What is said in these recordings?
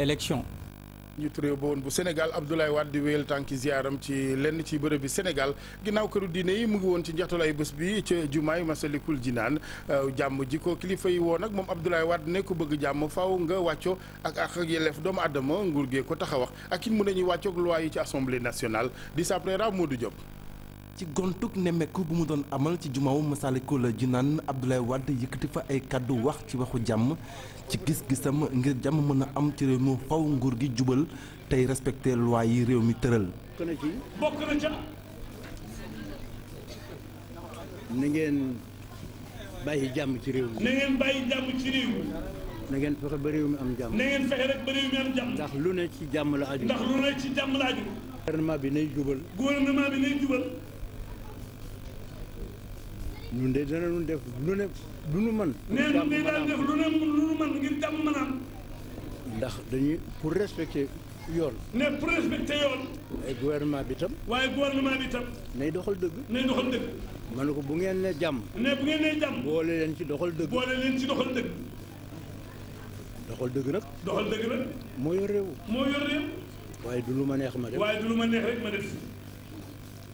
élection njiitu réew ba woon bu Sénégal Abdoulaye Wade di wéyal tànki ziaram ci lenn ci bërëb bi Sénégal ginnaaw këru diine yi mu ngi woon ci njaxtalaay bés bi ca jumaay Masalikul naan jàmm ji ko kilifa yi woo nag moom Abdoulaye Wade ne ko bëgg jàmm faw nga wàcco ak ak yelleef doomu aadama nguur gee ko tax a wax ak ki mu ne ñuy wàccoog loi yi ci assemblée nationale di sa après Modou Diop ci gontuk nemmeeku bu mu doon amal ci jumaawu ji naan Abdoulaye Wade yëkkati fa ay kàddu wax ci waxu jàmm ci gis-gisam ngir jàmm mën a am ci réew mi faw nguur gi jubal tey respecté loi yi réew mi tëral. bokk na ngeen bàyyi jàmm ci réew ngeen bàyyi mi. na ngeen ndax lu ne ci jàmm la aju. ndax bi nay bi nay jubal. ñun de danañu def lu ne lu nu man nee ñun de def lu ne lu nu mën ngir jàmm mën a ndax dañuy pour respecter yoon. ne pour respecter yoon. waaye gouvernement bi tam. waaye gouvernement bi tam. nay doxal dëgg. nay doxal dëgg. ma ne ko bu ngeen ne jàmm. ne bu ngeen jàmm. boole leen ci doxal dëgg. boole leen ci doxal dëgg. doxal dëgg nag. doxal dëgg nag. moo yor réew. moo yor réew. waaye du lu ma neex ma def. waaye du lu ma neex rek ma def.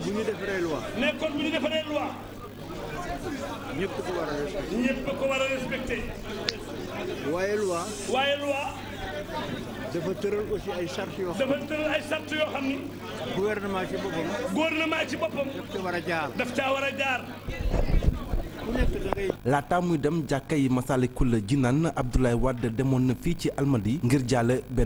bu bu ñu defaree loi. ñëpp a ko war a respecté. waaye waaye loi. dafa tëral aussi ay charte yoo xam. ni. gouvernement ci boppam. daf ca war a jaar. daf muy dem jàkka yi Masaalikul Jinaan Abdoulaye Wade demoon na fii ci Almadi ngir jàll benn